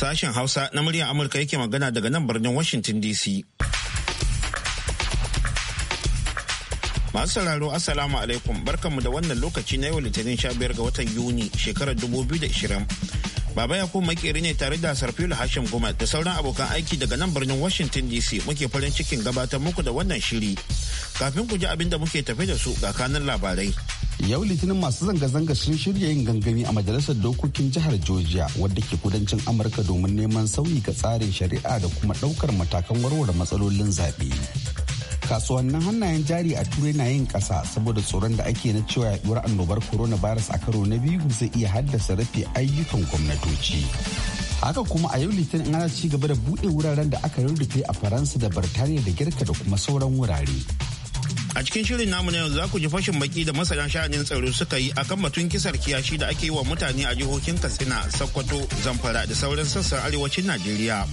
Sashen Hausa na muryar Amurka yake magana daga nan birnin Washington DC. Masu sauraro Assalamu alaikum barkanmu da wannan lokaci na yau Litinin sha biyar ga watan Yuni shekarar dubu biyu da 2020. Baba ya kuma makeri ne tare da Sarfilu Hashim Goma da sauran abokan aiki daga nan birnin Washington DC muke farin cikin gabatar muku da wannan shiri. Kafin ku ji abin da muke tafe da su ga kanan labarai. yau litinin masu zanga-zanga sun shirya yin gangami a majalisar dokokin jihar georgia wadda ke kudancin amurka domin neman sauyi ga tsarin shari'a da kuma daukar matakan warware matsalolin zaɓe kasuwannin hannayen jari a turai na yin ƙasa saboda tsoron da ake na cewa yaɗuwar annobar Corona coronavirus a karo na biyu zai iya haddasa rufe ayyukan gwamnatoci haka kuma a yau litinin ana ci gaba da buɗe wuraren da aka rurrufe a faransa da birtaniya da girka da kuma sauran wurare A cikin shirin namu na yau za ku ji fashin baki da masana sha'anin tsaro suka yi akan batun kisar kiyashi da ake yi wa mutane a jihohin Katsina, Sokoto, Zamfara da sauran sassan arewacin Najeriya.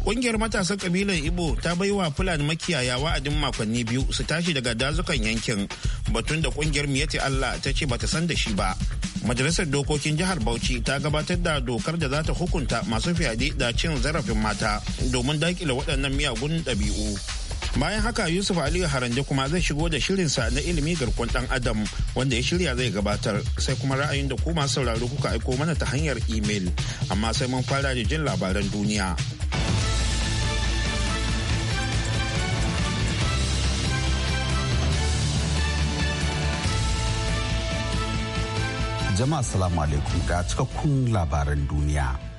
ƙungiyar matasan kabilar Ibo ta bai wa Fulani makiyaya wa'adin makonni biyu su tashi daga dazukan yankin batun da kungiyar Miyati Allah ta ce bata san da shi ba. Majalisar Dokokin Jihar Bauchi ta gabatar da dokar da za ta hukunta masu fyaɗe da cin zarafin mata domin daƙile waɗannan miyagun ɗabi'u. bayan haka yusuf aliyu haranje kuma zai shigo da shirin sa na ilimi garkon dan adam wanda ya shirya zai gabatar sai kuma ra'ayin da kuma sauraro kuka aiko mana ta hanyar imel amma sai mun fara da jin labaran duniya jama'a salamu alaikum ga cikakkun labaran duniya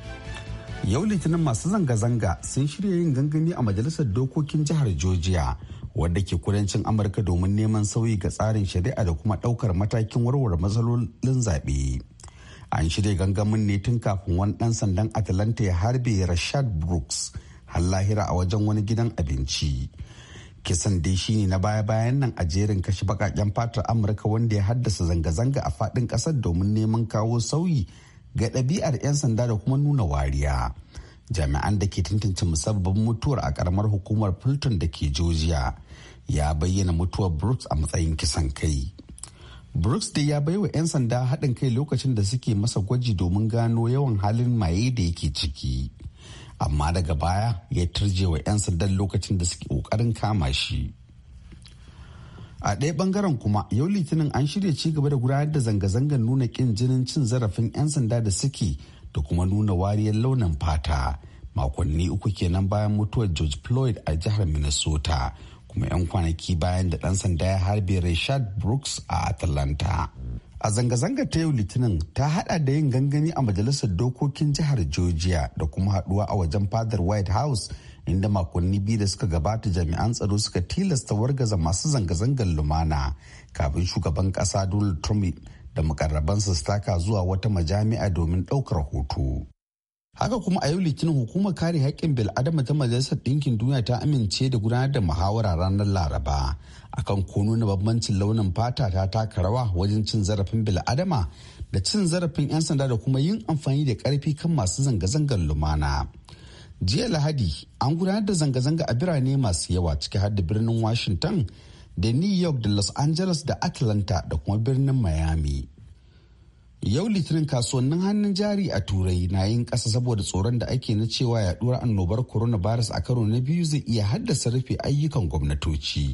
yau litinin masu zanga-zanga sun shirya yin gangami a majalisar dokokin jihar georgia wadda ke kudancin amurka domin neman sauyi ga tsarin shari'a da kuma daukar matakin warware matsalolin zaɓe an shirya gangamin ne tun kafin wani dan sandan atlanta ya harbe rashad brooks har lahira a wajen wani gidan abinci kisan dai shine na baya-bayan nan a jerin kashe bakaken fatar amurka wanda ya haddasa zanga-zanga a faɗin ƙasar domin neman kawo sauyi ga ɗabi'ar 'yan sanda da kuma nuna wariya jami'an da ke tantance musabbabin mutuwar a karamar hukumar fulton da ke georgia ya bayyana mutuwar brooks a matsayin kisan kai brooks dai ya baiwa 'yan sanda haɗin kai lokacin da suke masa gwaji domin gano yawan halin maye da yake ciki amma daga baya ya turje wa 'yan sandan lokacin da suke ƙoƙarin kama shi a ɗaya bangaren kuma yau litinin an shirya ci gaba da gudanar da zanga-zangar nuna ƙin jinin cin zarafin 'yan sanda da suke da kuma nuna wariyar launin fata makonni uku kenan bayan mutuwar george floyd a jihar minnesota kuma 'yan kwanaki bayan da ɗan sanda ya harbe richard brooks a atlanta a zanga-zangar ta yau litinin ta haɗa da yin gangani a majalisar dokokin jihar georgia da kuma haɗuwa a wajen fadar white house inda makonni biyu da suka gabata jami'an tsaro suka tilasta wargaza masu zanga-zangar lumana kafin shugaban kasa donald trump da mukarrabansa su taka zuwa wata majami'a domin ɗaukar hoto haka kuma a yau litinin hukumar kare haƙƙin bil'adama ta majalisar ɗinkin duniya ta amince da gudanar da muhawara ranar laraba akan ko nuna bambancin launin fata ta taka rawa wajen cin zarafin bil'adama da cin zarafin 'yan sanda da kuma yin amfani da ƙarfi kan masu zanga-zangar lumana. jiya lahadi an gudanar da zanga-zanga a birane masu yawa ciki har da birnin washington da new york da los angeles da atlanta da kuma birnin miami yau litinin kasuwannin hannun jari a turai na yin kasa saboda tsoron da ake na cewa yaduwar annobar coronavirus a karo na biyu zai iya haddasa rufe ayyukan gwamnatoci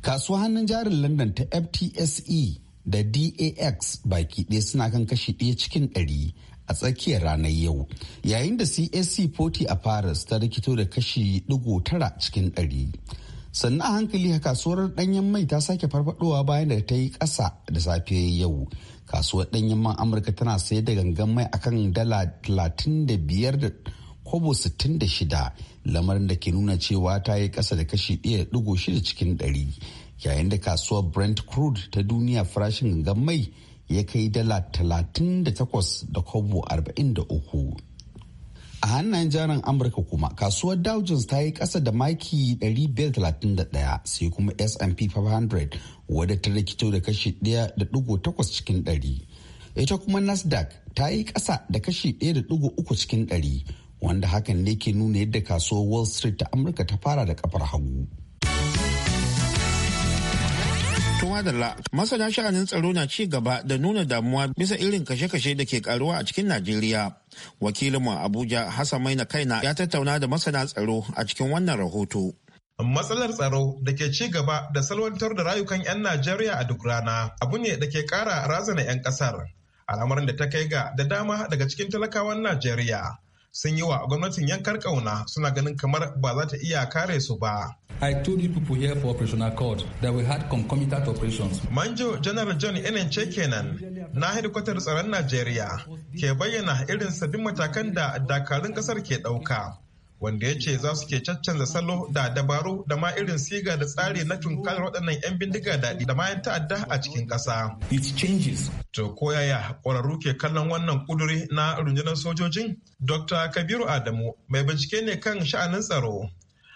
kasuwa hannun jarin london ta ftse da dax baki ɗaya suna kan kashi ɗaya cikin ɗari a tsakiyar ranar yau yayin da csc 40 a paris ta rikito da kashi digo tara cikin ɗari sannan a hankali a kasuwar ɗanyen mai ta sake farfadowa bayan da ta yi ƙasa da safe yau kasuwar ɗanyen man amurka tana sayar da gangan mai akan dala talatin da biyar kobo shida lamarin da ke nuna cewa ta yi ƙasa da kashi shida cikin ɗari yayin da kasuwar brent crude ta duniya farashin gangan mai ya kai dala talatin da takwas da kobo arba'in da uku. A hannayen jaran Amurka kuma kasuwar Dow Jones ta yi ƙasa da maki 531 sai kuma S&P 500 wadda ta rikito da kashi 1.8 cikin 100. Ita kuma Nasdaq ta yi ƙasa da kashi 1.3 cikin 100 wanda hakan ne ke nuna yadda kasuwar Wall Street ta Amurka ta fara da kafar hagu. da la masana sha'anin tsaro na ci gaba da nuna damuwa bisa irin kashe-kashe da ke karuwa a cikin Najeriya. Wakilinmu Abuja Hassan Maina Kaina ya tattauna da masana tsaro a cikin wannan rahoto. Matsalar tsaro da ke ci gaba da salwantar da rayukan 'yan Najeriya a duk rana abu ne da ke kara razana 'yan kasar. Al'amarin da ta kai ga da dama daga cikin talakawan Najeriya sun yi wa gwamnatin yankar kauna suna ganin kamar ba za ta iya kare su ba. I told you people here for Operation Accord that we had concomitant operations. Manjo Janar John ce kenan na hedikwatar tsaron Najeriya ke bayyana irin sabbin matakan da dakarun kasar ke ɗauka. Wanda ya ce za su ke caccanza salo da dabaru da ma irin siga da tsari na tunkar waɗannan 'yan bindiga daɗi da mayan ta'adda a cikin ƙasa. It changes. To koyaya ƙwararru ke kallon wannan ƙuduri na rundunar sojojin? Dr. Kabiru Adamu mai bincike ne kan sha'anin tsaro.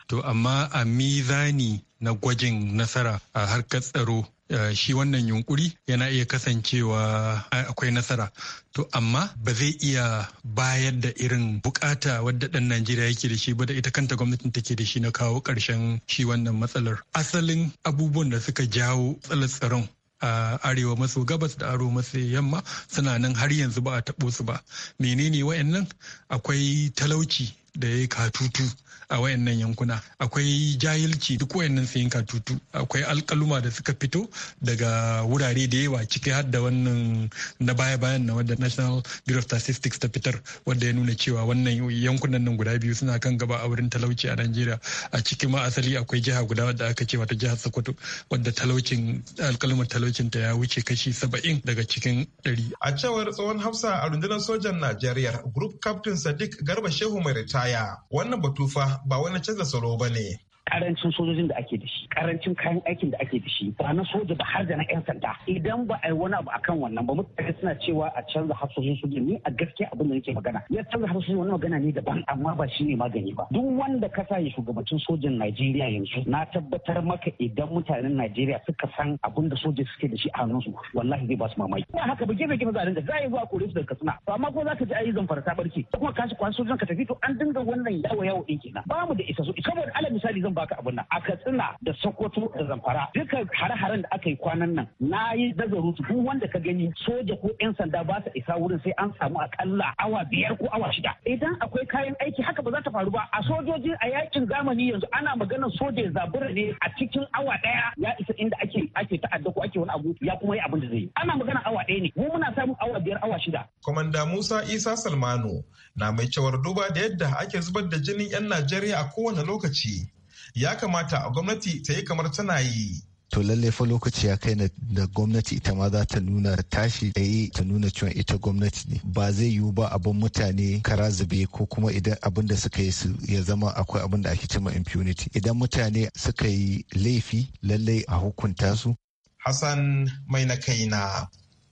To amma a mizani na gwajin nasara a harkar tsaro eh, shi wannan yunkuri yana iya kasancewa akwai nasara. To amma ba zai iya bayar da irin bukata wadda ɗan Najeriya yake da shi ba da ita kanta gwamnatin take da shi na kawo ƙarshen shi wannan matsalar. Asalin abubuwan da suka jawo tsalar tsaron a arewa maso gabas da aro maso yamma suna nan har yanzu ba a taɓo su ba menene wayannan akwai talauci da ya yi katutu a wayannan yankuna akwai jahilci duk wayannan sayin katutu akwai alkaluma da suka fito daga wurare da yawa ciki har da wannan na baya-bayan na wadda national bureau of statistics ta fitar wadda ya nuna cewa wannan yankunan nan guda biyu suna kan gaba a wurin talauci a najeriya a ciki ma asali akwai jiha guda wadda aka ce wata jihar sokoto wadda talaucin alkalumar talaucin ta ya wuce kashi saba'in daga cikin ɗari. a cewar tsohon hafsa a rundunar sojan najeriya group captain sadiq garba shehu mai ritaya baya wannan batu fa ba wani canza salo ba ne karancin sojojin da ake da shi karancin kayan aikin da ake da shi ba na soja ba har da na yan sanda idan ba a yi wani abu akan wannan ba mutane suna cewa a canza hafsoshin soja ni a gaskiya abin da nake magana ya canza hafsoshin wani magana ne daban amma ba shi ne magani ba duk wanda ka sa ya shugabancin sojan Najeriya yanzu na tabbatar maka idan mutanen Najeriya suka san abin da soja suke da shi a hannunsu wallahi zai ba su mamaki ba haka ba gefe gefe za a dinga za a yi zuwa kore su daga kasuna to amma ko za ka ji yi zamfara ta barke kuma kashi kwan sojan ka tafi to an dinga wannan yawo yawo ɗin kenan ba mu da isa so saboda alal misali zan baka abin nan a katsina da sokoto da zamfara duka hare-haren da aka yi kwanan nan na yi dazaru su duk wanda ka gani soja ko yan sanda ba su isa wurin sai an samu akalla awa biyar ko awa shida idan akwai kayan aiki haka ba za ta faru ba a sojoji a yakin zamani yanzu ana maganar soja ya zabura ne a cikin awa daya ya isa inda ake ake ta'adda ko ake wani abu ya kuma yi abin da zai yi ana magana awa daya ne mu muna samun awa biyar awa shida. komanda Musa Isa salmanu na mai cewar duba da yadda ake zubar da jinin 'yan Najeriya a kowane lokaci ya kamata a gwamnati ta yi kamar tana yi to lallai fa lokaci ya kai da gwamnati ita ma za ta nuna tashi da yi ta nuna cewa ita gwamnati ne ba zai yiwu ba abin mutane kara zube ko kuma idan abin da suka yi su ya zama akwai abin da ake cima impunity idan mutane suka yi laifi lallai a hukunta su hassan mai na kai na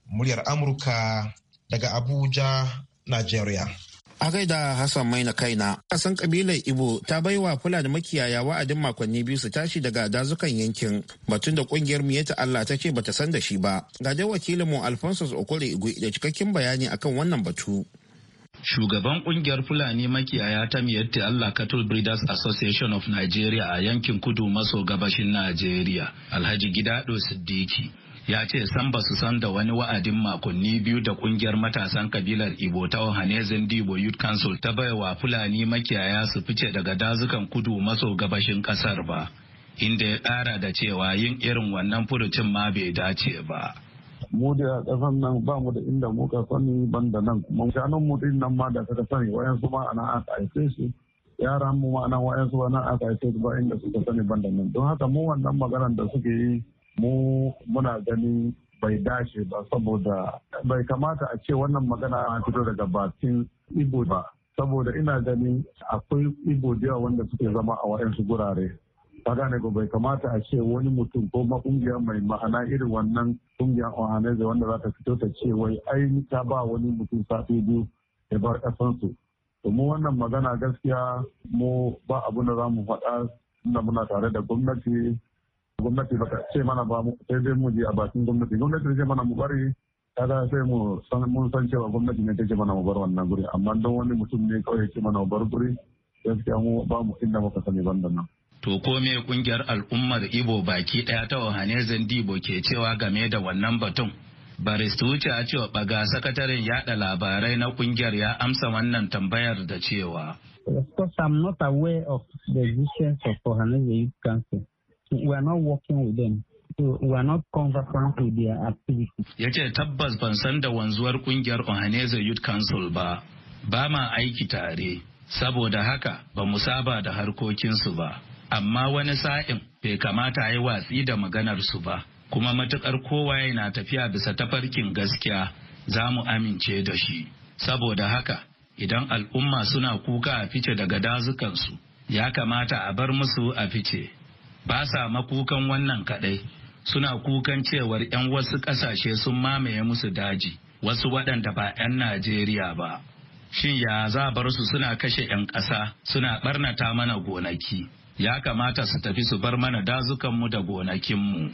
muryar amurka daga abuja nigeria A gaida Hassan Maina kaina, kasan kabilar Ibo ta bai baiwa Fulani makiyaya wa'adin makonni biyu su tashi daga dazukan yankin batun da kungiyar Miyeta Allah ta ce bata san da shi ba. Ga dai mu Alphonsus Okore Igwe da cikakken bayani akan wannan batu. Shugaban kungiyar Fulani makiyaya ta miyatta Allah Cattle Breeders Association of Nigeria a yankin kudu maso gabashin Najeriya, Alhaji Gidado Siddiqui, ya ce san ba su san da wani wa'adin makonni biyu da kungiyar matasan kabilar ibo ta Ohanezen Dibo Youth Council ta baiwa Fulani makiyaya su fice daga dazukan kudu maso gabashin kasar ba, inda ya ƙara da cewa yin irin wannan furucin ma bai dace ba. mu da kasan nan ba mu da inda muka sani banda nan kuma shanun mu din nan ma da ka sani wayan su ma ana aka haife su yaran mu ma ana su ana aka haife su ba inda suka sani banda nan don haka mu wannan maganar da suke yi mu muna gani bai dace ba saboda bai kamata a ce wannan magana a fito daga bakin ibo ba saboda ina ganin akwai ibo yawa wanda suke zama a wa'yansu gurare ta gane ba bai kamata a ce wani mutum ko ma mai ma'ana irin wannan kungiyar ohaneze wanda za ta fito ta ce wai ai ta ba wani mutum sati biyu ya bar kasansu domin wannan magana gaskiya mu ba abin da za mu faɗa muna tare da gwamnati gwamnati ba ce mana ba sai dai mu je a bakin gwamnati gwamnati ce mana mu bari kaga sai mu san mun san cewa gwamnati ne take mana mu bar wannan guri amma don wani mutum ne kawai yake mana mu bar guri gaskiya mu ba mu inda muka sani ban da nan To ko me kungiyar al'ummar Ibo baki ɗaya ta wahane Zandibo ke cewa game da wannan batun? wuce a cewa baga sakataren yada labarai na kungiyar ya amsa wannan tambayar da cewa. Of course, I'm not aware of the existence of Ohanaze Youth Council. we are not working with them. So we are not conversant with their activities. Ya ce tabbas ban san da wanzuwar kungiyar Ohaneze Youth Council ba, ba ma aiki tare, saboda haka ba mu saba da harkokinsu ba. Amma wani sa'in bai kamata a yi watsi da maganarsu ba, kuma matukar kowa yana tafiya bisa tafarkin gaskiya za mu amince da shi. Saboda haka, idan al'umma suna kuka a fice daga dazukansu, ya kamata a bar musu a fice. ba sa makukan wannan kaɗai suna kukan cewar 'yan wasu ƙasashe sun mamaye musu daji wasu waɗanda ba 'yan Najeriya ba. Shin ya za bar su suna kashe 'yan ƙasa suna ɓarnata mana gonaki. Ya kamata su tafi su bar mana dazukanmu da gonakinmu.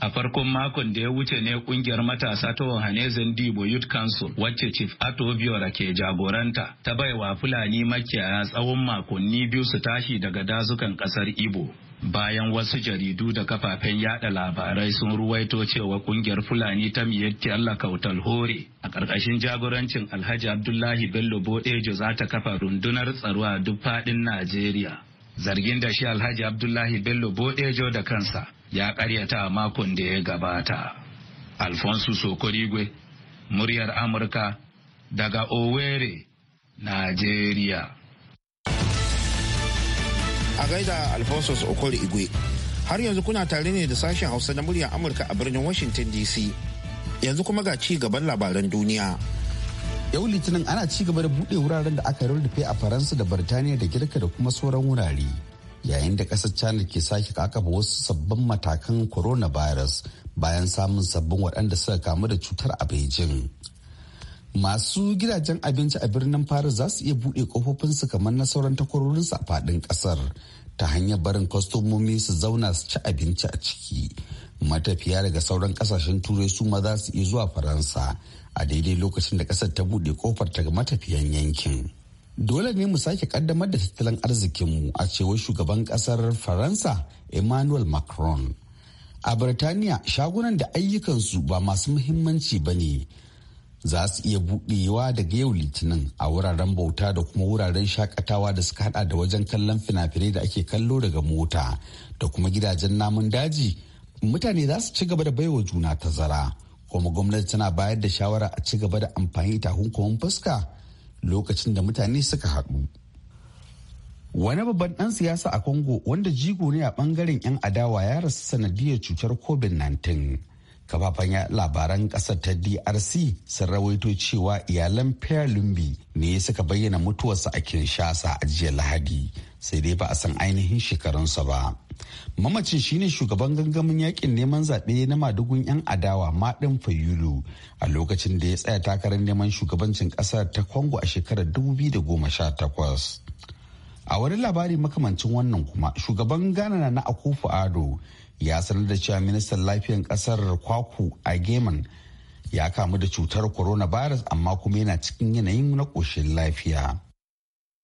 A farkon makon da ya wuce ne ƙungiyar matasa ta Ohanezen Dibo Youth Council wacce Chief Ato Biora ke jagoranta ta baiwa Fulani makiyaya tsawon makonni biyu su tashi daga dazukan ƙasar Ibo. bayan wasu jaridu da kafafen yada labarai sun ruwaito cewa kungiyar fulani ta miyatti Allah kautal hore a ƙarƙashin jagorancin alhaji abdullahi bello bodejo za ta kafa rundunar tsaro a duk faɗin najeriya zargin da shi alhaji abdullahi bello bodejo da kansa ya ƙaryata a makon da ya gabata alfonso sokorigwe muryar amurka daga owerri najeriya a gaida alfonso okor igwe har yanzu kuna tare ne da sashen hausa na muryar amurka a birnin washington dc yanzu kuma ga ci gaban labaran duniya yau litinin ana ci gaba da bude wuraren da aka rurrufe a faransa da birtaniya da girka da kuma sauran wurare yayin da ƙasar china ke sake kakaba wasu sabbin matakan coronavirus bayan samun sabbin waɗanda suka kamu da cutar a beijing masu gidajen abinci a birnin paris za su iya buɗe kofofinsu kamar na sauran takwarorinsu a faɗin ƙasar ta hanyar barin kwastomomi su zauna su ci abinci a ciki matafiya daga sauran kasashen turai su ma za su iya zuwa faransa a daidai lokacin da ƙasar ta buɗe kofar ta ga matafiyan yankin dole ne mu sake kaddamar da tattalin arzikinmu a cewar shugaban ƙasar faransa emmanuel macron a birtaniya shagunan da ayyukansu ba masu muhimmanci ba ne za su iya buɗewa daga yau litinin a wuraren bauta da kuma wuraren shakatawa da suka hada da wajen kallon fina-finai da ake kallo daga mota da kuma gidajen namun daji mutane za su ci gaba da baiwa juna tazara kuma gwamnati tana bayar da shawara a ci gaba da amfani takunkumin fuska lokacin da mutane suka haɗu wani babban ɗan siyasa a Kongo wanda jigo ne a ɓangaren 'yan adawa ya rasu sanadiyar cutar covid-19 kafafen labaran kasar ta drc sun rawaito cewa iyalan pierre lumbi ne suka bayyana mutuwarsa a kinshasa a jiya lahadi sai dai ba a san ainihin shekarunsa ba mamacin shine shugaban gangamin yakin neman zaɓe na madugun 'yan adawa maɗin fayulu a lokacin da ya tsaya takarar neman shugabancin ƙasar ta Kongo a shekarar 2018 a wani labari makamancin wannan kuma shugaban ghana na Akufu ado ya sanar da cewa ministan lafiyan kasar kwaku a geman ya kamu da cutar corona virus amma kuma yana cikin yanayin na ƙoshin lafiya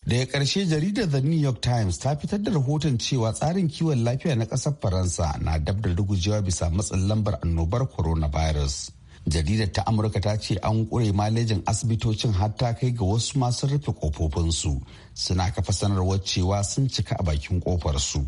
daga ƙarshe jaridar the new york times ta fitar da rahoton cewa tsarin kiwon lafiya na ƙasar faransa na dab da rugujewa bisa matsin lambar annobar corona virus. jaridar ta amurka ta ce an ƙure malejin asibitocin hatta kai ga wasu masu rufe kofofinsu suna kafa sanarwar cewa sun cika a bakin ƙofarsu. su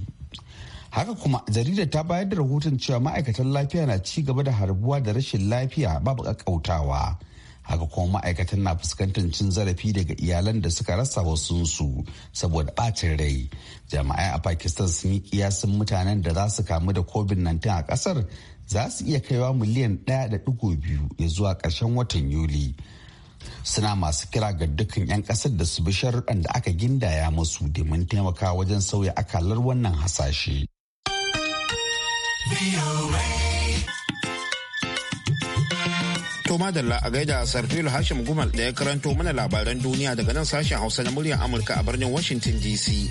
haka kuma jaridar ta bayar da rahoton cewa ma'aikatan lafiya na ci gaba da harbuwa da rashin lafiya babu kakkautawa haka kuma ma'aikatan na fuskantar cin zarafi daga iyalan da suka rasa wasunsu saboda bacin rai jama'ai a pakistan sun yi kiyasin mutanen da za su kamu da covid-19 a kasar za su iya kaiwa miliyan da biyu ya zuwa karshen watan yuli suna masu kira ga dukkan 'yan kasar da su bi sharuɗan da aka gindaya masu domin taimaka wajen sauya akalar wannan hasashe. To madalla a gaida Sarfil Hashim Gumal da ya karanto mana labaran duniya daga nan sashen Hausa na muryar Amurka a birnin Washington DC.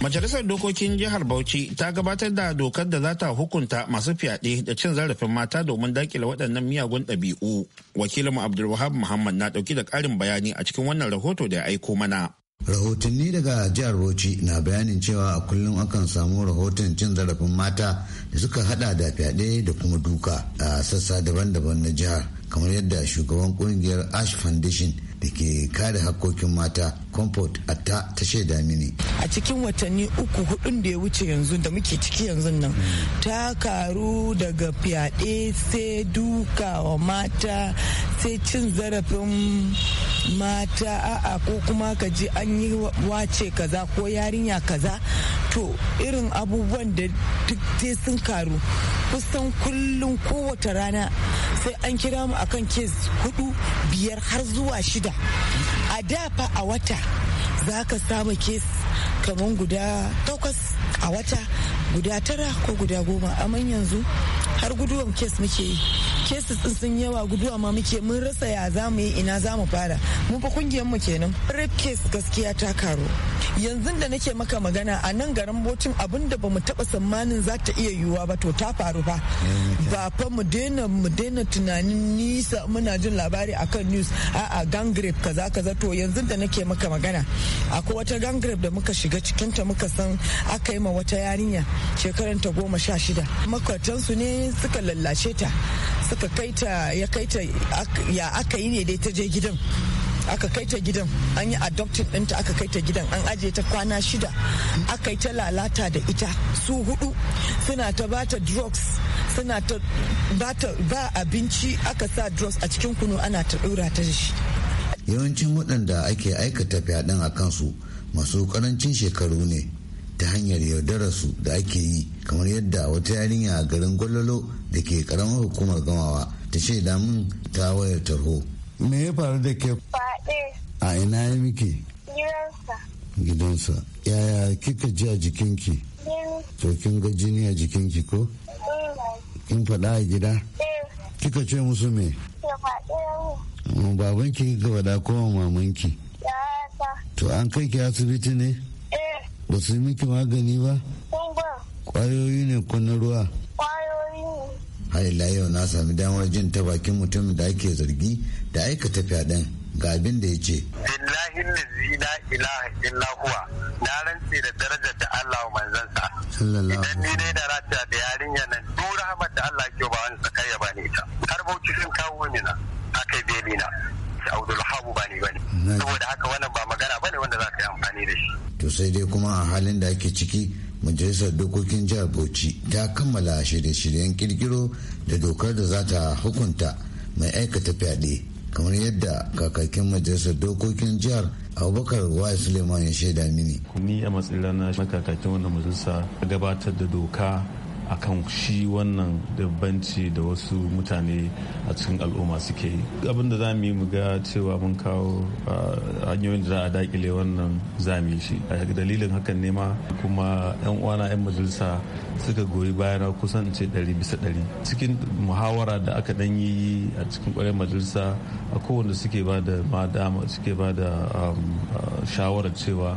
Majalisar Dokokin Jihar Bauchi ta gabatar da dokar da za ta hukunta masu fyaɗe da cin zarafin mata domin daƙile waɗannan miyagun ɗabi'u. Wakilin Abdulwahab Muhammad na ɗauki da ƙarin bayani a cikin wannan rahoto da ya aiko mana. rahotanni daga jihar bauchi na bayanin cewa a kullum akan samu rahoton cin zarafin mata da suka hada da fyaɗe da kuma duka a sassa daban-daban na jihar kamar yadda shugaban kungiyar ash foundation da ke kare hakkokin mata comfort atta ta shaida mini a cikin watanni uku hudun da ya wuce yanzu da muke ciki yanzu nan ta karu daga fyaɗe sai duka wa mata sai cin zarafin mata a'a ko kuma ka ji an yi wace kaza ko yarinya kaza to irin abubuwan da duk sun karu kusan kullum kowace rana sai an kira mu akan kes hudu biyar har zuwa shida a da fa a wata za ka samu kes kamar guda takwas a wata guda tara ko guda goma amma yanzu har guduwan kes muke yi kesis din sun yawa guduwa ma muke mun rasa ya za mu yi ina za mu fara mun fa kungiyar mu kenan rape kes gaskiya ta karu yanzu da nake maka magana a nan garin botin abinda mu taba tsammanin za ta iya yiwuwa ba to ta faru ba mm, ba fa mu daina mu daina tunanin nisa muna jin labari akan news a'a gangrep kaza kaza to yanzu da nake maka magana akwai wata gangrep da muka shiga cikin ta muka san aka yi ma wata yarinya shekaran ta goma sha shida su ne suka lallashe ta suka kaita ya kai ya aka yi ne dai ta je gidan aka kai ta gidan an yi adoptin ɗinta aka kai ta gidan an ajiye ta kwana shida aka yi ta lalata da ita su hudu suna ta ba ta drugs suna ta ba ta ba abinci aka sa drugs a cikin kunu ana ta ɗora ta da shi yawancin waɗanda ake aikata fyaɗen a kansu masu karancin shekaru ne ta hanyar su da ake yi kamar yadda wata yarinya a garin gwalolo da ke ƙaramar hukumar gamawa ta shaida min ta wayar tarho me ya faru da ke faɗe a ina ya miki gidansa yaya kika ji a jikinki to kin ga jini a jikinki ko eh. kin faɗa a gida eh. kika ce musu me mm, baban ki ga wada ko mamanki to an kai ki asibiti ne eh. ba su miki magani ba kwayoyi ne ko na ruwa har ila yau na sami damar jin ta bakin mutumin da ake zargi da aikata fyaɗen ga abin da ya ce. Billahi la ilaha illa huwa na rantse da darajar da Allah wa manzansa. Idan ni dai da rata da yarinya nan duk rahmat da Allah ke ba wani sakai ya bani ita. Har bauchi sun kawo ni na akai beli na. Abdul Habu ba ni bane. Saboda haka wannan ba magana bane wanda za ka yi amfani da shi. To sai dai kuma a halin da ake ciki majalisar dokokin jihar bauchi ta kammala shirye-shiryen kirkiro da dokar da za ta hukunta mai aikata fyaɗe kamar yadda kakakin majalisar dokokin jihar abubakar wa suleiman ya shaida mini ni a matsayina na kakakin wannan majalisa gabatar da doka akan shi wannan dabbanci da wasu mutane a cikin al'umma suke yi abin da za mu yi mu ga cewa mun kawo ah, hanyoyin da za a dakile wannan zami shi a dalilin hakan ne ma kuma yan uwana yan majalisa suka goyi bayana kusan ce ɗari bisa ɗari cikin muhawara da aka dan yi a cikin ƙwarar majalisa a kowanne suke ba da ma dama suke ba da ah, ah, shawarar cewa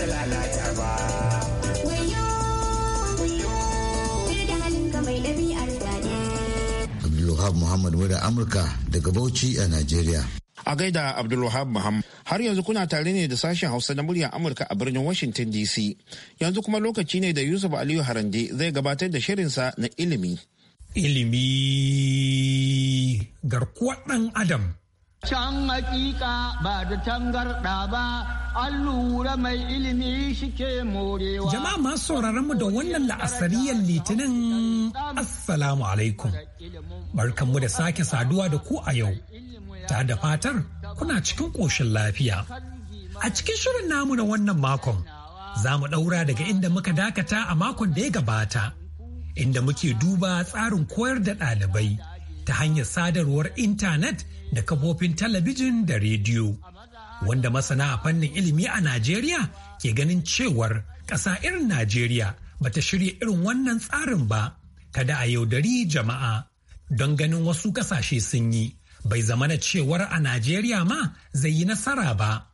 ta lalata ba. Abdulwahab Muhammad Mura Amurka daga Bauchi a Najeriya. A gaida Abdulwahab Muhammad. Har yanzu kuna tare ne da sashen Hausa na muryar Amurka a birnin Washington DC. Yanzu kuma lokaci ne da Yusuf Aliyu Harande zai gabatar da shirinsa na ilimi. Ilimi garkuwa ɗan Adam. Can hakika ba da tangarɗa ba, an lura mai ilimi shike morewa. Jama'a masu sauraron mu da wannan la'asariyar litinin Assalamu alaikum. Barkanmu da sake saduwa da ku a yau, ta da fatar kuna cikin ƙoshin lafiya. A cikin shirin namu na wannan makon, za mu ɗaura daga inda muka dakata a makon da ya gabata, inda muke duba tsarin koyar da ɗalibai. ta hanyar sadarwar intanet da kafofin talabijin da rediyo. Wanda masana a fannin ilimi a Najeriya ke ganin cewar ƙasa irin Najeriya bata shirya irin wannan tsarin ba, kada a yaudari jama'a don ganin wasu ƙasashe sun yi, bai zamana cewar a Najeriya ma zai yi nasara ba.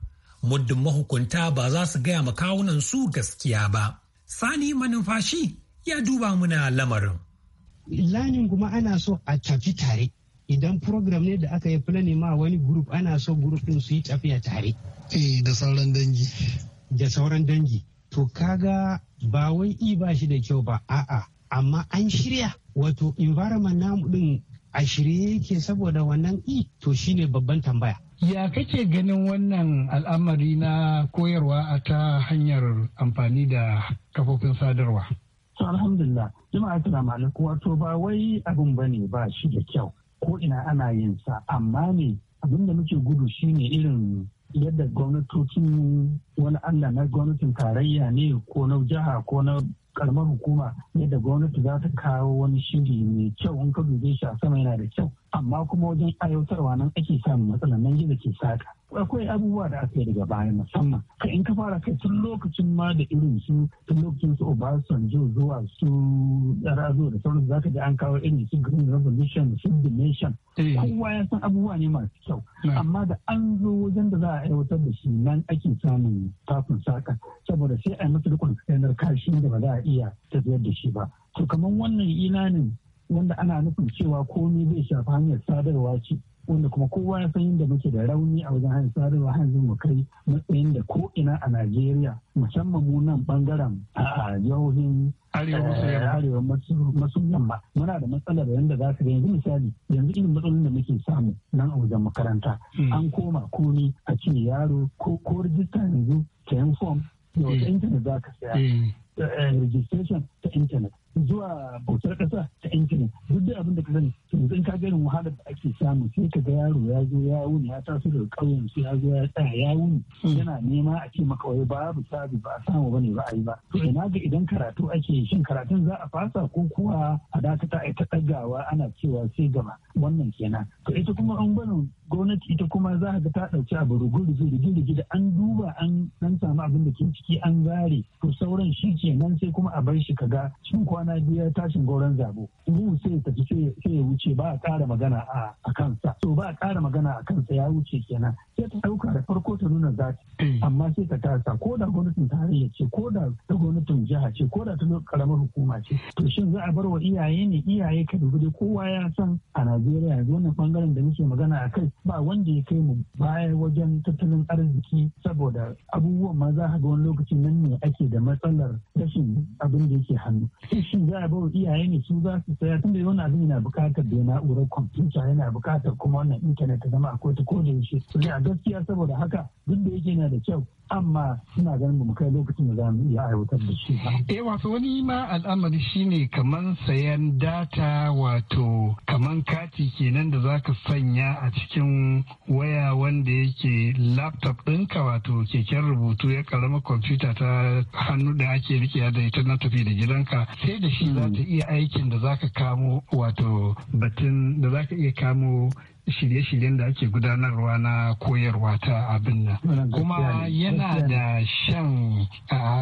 Muddin mahukunta ba za su gaya makawunan su gaskiya ba. Sani manumfashi ya duba muna lamarin. lanin kuma ana so a tafi tare idan program ne da aka yi plani ma wani group ana so group din su yi tafiya tare eh, da sauran dangi da sauran dangi to kaga ba wai i ba shi da kyau ba a'a amma an shirya wato environment namu din a shirye yake saboda wannan i to shine babban tambaya Ya kake ganin wannan al'amari na koyarwa a ta hanyar amfani da kafofin sadarwa? to alhamdulillah jama'a assalamu alaikum wato ba wai abin ba ne ba shi da kyau ko ina ana yin sa amma ne abin da muke gudu shine irin yadda gwamnatocin wani allah na gwamnatin tarayya ne ko na jiha ko na karamar hukuma yadda gwamnati za ta kawo wani shiri mai kyau in ka dube shi a sama yana da kyau amma kuma wajen aiwatarwa nan ake samun matsala nan gizo ke saka akwai abubuwa da aka yi daga baya musamman ka in ka fara kai tun lokacin ma da irin su tun lokacin su obasanjo zuwa su razo da sauran za ka ji an kawo irin su green revolution su the nation eh. kowa ya san abubuwa ne masu kyau amma da an zo wajen da za a aiwatar da shi nan ake samun tafin saka saboda sai a yi masa rikon kayanar kashin da ba za a iya tafiyar da shi ba to kamar wannan ina ne wanda ana nufin cewa komai zai shafi hanyar sadarwa ce wanda kuma kowa ya san yadda muke da rauni a wajen hanyar sadarwa hanzu mu kai matsayin da ko ina a Najeriya musamman mu nan bangaren a jihohin arewa eh, maso yamma muna da matsalar yadda za su ga yanzu misali yanzu irin matsalolin da muke samu nan a wajen makaranta hmm. an koma komi a cikin yaro ko ko rijista yanzu ta yan fom da wata hmm. intanet za ka saya hmm. eh, eh, registration ta intanet zuwa bautar ƙasa ta intanet duk da abin da ka sani to in ka ga irin wahalar da ake samu sai ka ga yaro ya zo ya wuni ya taso daga ƙauyen su ya zo ya tsaya ya wuni yana nema a ce maka wai babu sabi ba a samu bane ba a ba to ina ga idan karatu ake shin karatun za a fasa ko kuwa a dakata a ta ɗagawa ana cewa sai gaba wannan kenan to ita kuma an gwanin gwamnati ita kuma za ga ta ɗauki abu rugu-rugu da an duba an samu abin da ke ciki an gare to sauran shi kenan sai kuma a bar shi ka ga cikin kwana kwana biyar tashin goron zabo ruhu sai ta tafi sai ya wuce ba a kara magana a kansa to ba a kara magana a kansa ya wuce kenan sai ta ɗauka da farko ta nuna zati amma sai ta tasa ko da gwamnatin tarayya ce ko da ta gwamnatin jiha ce ko da ta karamar hukuma ce to shin za a bar wa iyaye ne iyaye ka dubi dai kowa ya san a najeriya yanzu wannan bangaren da muke magana a kai ba wanda ya kai mu baya wajen tattalin arziki saboda abubuwan ma za ga wani lokacin nan ne ake da matsalar rashin abin da yake hannu shin za a bawa iyaye ne su za su saya tunda wani abin yana bukatar da na'urar kwamfuta yana bukatar kuma wannan intanet ta zama akwai ta ko da a gaskiya saboda haka duk da yake yana da kyau amma suna ganin mu kai lokacin da za mu iya aiwatar da shi ba. Eh wato wani ma al'amari shine kaman sayan data wato kaman kati kenan da zaka sanya a cikin waya wanda yake laptop ɗinka wato keken rubutu ya karama kwamfuta ta hannu da ake rike da ita na tafi da gidanka sai da shi za ta hmm. iya aikin da zaka kamo wato batun da zaka iya kamo shirye-shiryen da ake gudanarwa na koyarwa ta abin nan kuma yana da shan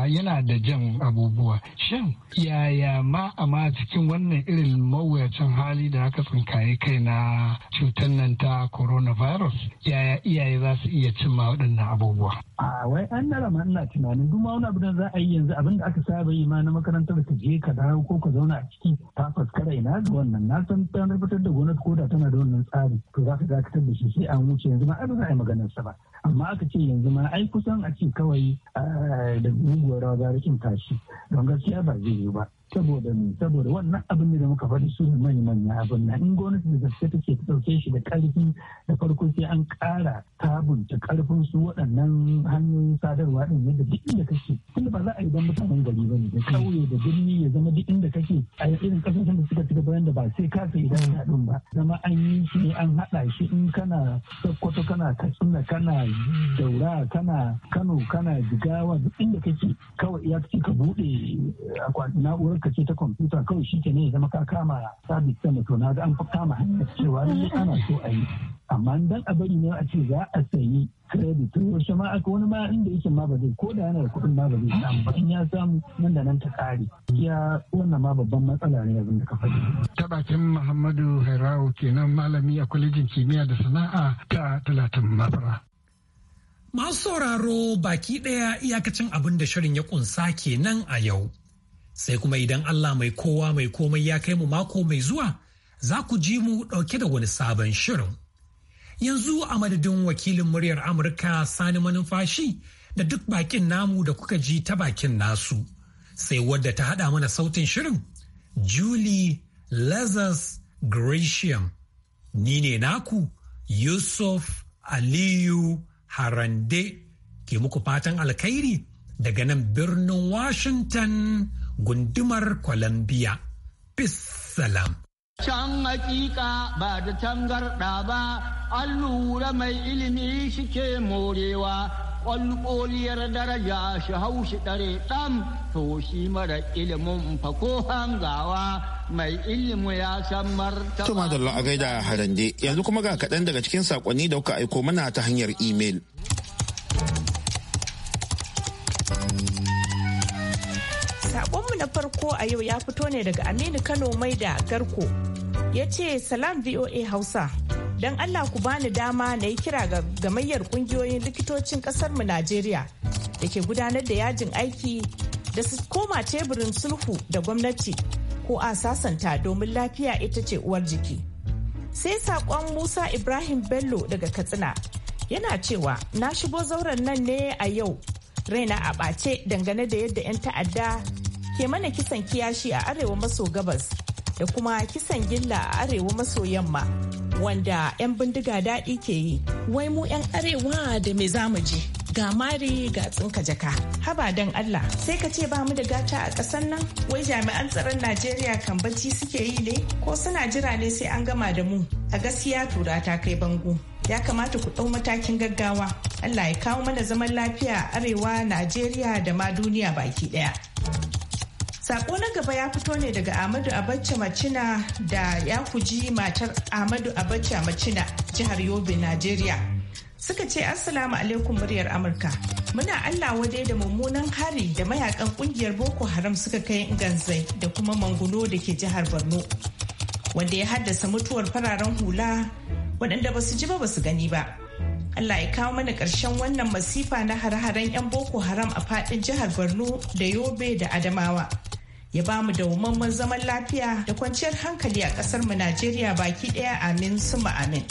yana da jan abubuwa shan yaya ma amma cikin wannan irin mawuyacin hali da aka tsinkaye kai na cutar nan ta coronavirus yaya iyaye za su iya cimma waɗannan abubuwa a wai an nara ina tunanin duk wani abu za a yi yanzu abin da aka saba yi ma na makarantar ka je ka dawo ko ka zauna a ciki ta faskara ina ga wannan na san ta da gwamnati ko da tana da wannan tsari to za ka dakatar da shi sai an wuce yanzu ma an za a yi maganar sa ba amma aka ce yanzu ma ai kusan a ce kawai eh, da guguwar rawa za tashi don gaskiya ba zai yi ba saboda me saboda wannan abin da muka faɗi su ne manya manya abin na in gwamnati da gaske take ta dauke shi da ƙarfi da farko sai an ƙara sabunta ƙarfin su waɗannan hanyoyin sadarwa ɗin yadda duk inda kake tunda ba za a yi don mutanen gari ba ne da kauye da birni ya zama duk inda kake a irin ƙasashen da suka ci gaba da ba sai ka sai idan haɗin ba zama an yi shi ne an haɗa shi in kana sokoto kana katsina kana daura kana kano kana jigawa duk inda kake kawai ya ka buɗe akwatin na'urar harka ce ta kwamfuta kawai shi ke ne zama ka kama sabis ta to na ga an fi kama hanyar cewa ne ana so a yi amma dan a bari ne a ce za a sayi kredit to yaushe ma aka wani ma inda yake ma ba zai ko da yana da kuɗin ma ba zai samu ba in ya samu nan da nan ta kare ya wannan ma babban matsala ne yanzu da ka faɗi ta bakin Muhammadu Hairawo kenan malami a kwalejin kimiyya da sana'a ta talatin mafara masu sauraro baki ɗaya iyakacin abin da shirin ya kunsa kenan a yau sai kuma idan Allah mai kowa mai komai ya kai mu mako mai zuwa za ku ji mu ɗauke da wani sabon shirin. Yanzu a madadin wakilin muryar Amurka Sani Manumfashi da duk bakin namu da kuka ji ta bakin nasu, sai wadda ta haɗa mana sautin shirin, Julie Lazarus Gratiam. Ni ne naku Yusuf Aliyu Harande ke muku fatan alkhairi daga nan birnin Washington. gundumar Columbia. Peace salam. Can hakika ba da tangarɗa ba, an lura mai ilimi shike morewa, ƙwalƙoliyar daraja shi haushi ɗare ɗan, to shi mara ilimin fa hangawa mai ilimi ya san martaba. Tuma da a gaida harande, yanzu kuma ga kaɗan daga cikin saƙonni da kuka aiko mana ta hanyar imel. na farko a yau ya fito ne daga Aminu Kano mai da Garko. Ya ce salam VOA Hausa. Don Allah ku bani dama na yi kira ga gamayyar kungiyoyin likitocin mu Najeriya da ke gudanar da yajin aiki da su koma teburin sulhu da gwamnati ko a sasanta domin lafiya ita ce uwar jiki. Sai saƙon Musa Ibrahim Bello daga Katsina yana cewa na shigo zauren nan ne a yau raina a ɓace dangane da yadda 'yan ta'adda ke mana kisan kiyashi a arewa maso gabas da kuma kisan gilla a arewa maso yamma wanda 'yan bindiga daɗi ke yi. Wai mu 'yan arewa da me zamu je. Ga mari ga tsinka jaka. Haba dan Allah sai ka ce ba mu da gata a ƙasar nan wai jami'an tsaron Najeriya kan bacci suke yi ne ko suna jira ne sai an gama da mu. A gaskiya tura ta kai bango. Ya kamata ku ɗau matakin gaggawa. Allah ya kawo mana zaman lafiya a arewa Najeriya da ma duniya baki ɗaya. Sako na gaba ya fito ne daga Ahmadu Abacha Macina da ya kuji matar Ahmadu Abacha Macina jihar Yobe, Najeriya. Suka ce Assalamu alaikum muryar Amurka. Muna Allah wadai da mummunan hari da mayakan kungiyar Boko Haram suka kai ganzai da kuma manguno da ke jihar Borno. Wanda ya haddasa mutuwar fararen hula waɗanda ba su ji ba ba su gani ba. Allah ya kawo mana ƙarshen wannan masifa na hare-haren 'yan Boko Haram a faɗin jihar Borno da Yobe da Adamawa. ya ba mu dawwammamen zaman lafiya da kwanciyar hankali a kasar mu Najeriya baki daya amin suma amin.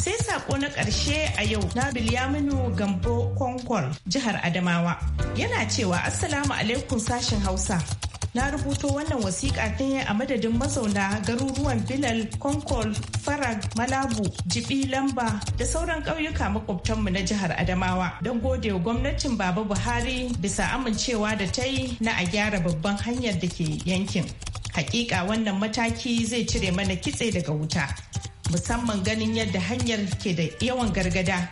Sai sako na ƙarshe a yau na Bilyaminu Gambo Konkwal jihar Adamawa yana cewa Assalamu alaikum sashen Hausa. na rubuto wannan wasiƙa ta ne a madadin mazauna garuruwan bilal konkol farag malabu jibi lamba da sauran ƙauyuka makwabtanmu na jihar adamawa don gode wa gwamnatin baba buhari bisa amincewa da ta yi na a gyara babban hanyar da ke yankin hakika wannan mataki zai cire mana kitse daga wuta musamman ganin yadda hanyar ke da yawan gargada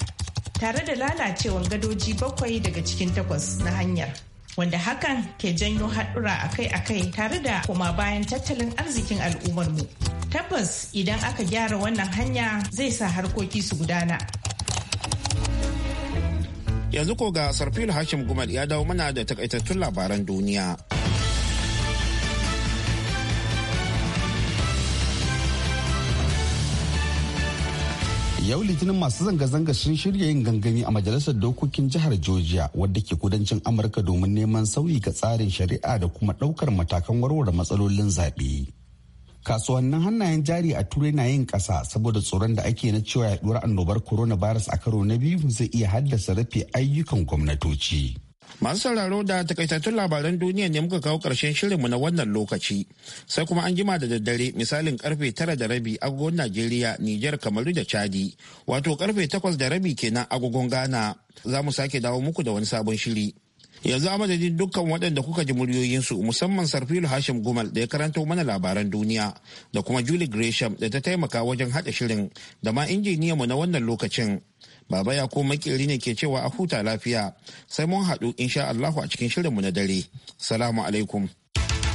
tare da lalacewar gadoji bakwai daga cikin takwas na hanyar. wanda hakan ke janyo haɗura akai-akai tare da koma bayan tattalin arzikin al'ummarmu. Tabbas idan aka gyara wannan hanya zai sa harkoki su gudana. Yanzu ko ga Sarfil Hashim Gumal ya dawo mana da takaitattun labaran duniya. yau litinin masu zanga-zanga sun shirya yin gangami a majalisar dokokin jihar georgia wadda ke kudancin amurka domin neman sauyi ga tsarin shari'a da kuma daukar matakan warware matsalolin zaɓe kasuwannin hannayen jari a turai na yin ƙasa saboda tsoron da ake na cewa yaduwar annobar coronavirus a karo na biyu zai iya haddasa rufe ayyukan gwamnatoci. Masu sauraro da takaitattun labaran duniya ne muka kawo ƙarshen shirinmu na wannan lokaci. Sai kuma an jima da daddare misalin karfe tara da rabi agogon Najeriya, Nijar, Kamaru da Chadi. Wato karfe takwas da rabi kenan agogon Ghana. Za mu sake dawo muku da wani sabon shiri. Yanzu a madadin dukkan waɗanda kuka ji muryoyinsu musamman Sarfilu Hashim Gumal da ya karanta mana labaran duniya da kuma Julie Gresham da ta taimaka wajen haɗa shirin da ma injiniyanmu na wannan lokacin. Baba ya ko makeri ne ke cewa a huta lafiya sai mun haɗu insha Allahu a cikin shirinmu na dare. Salamu alaikum.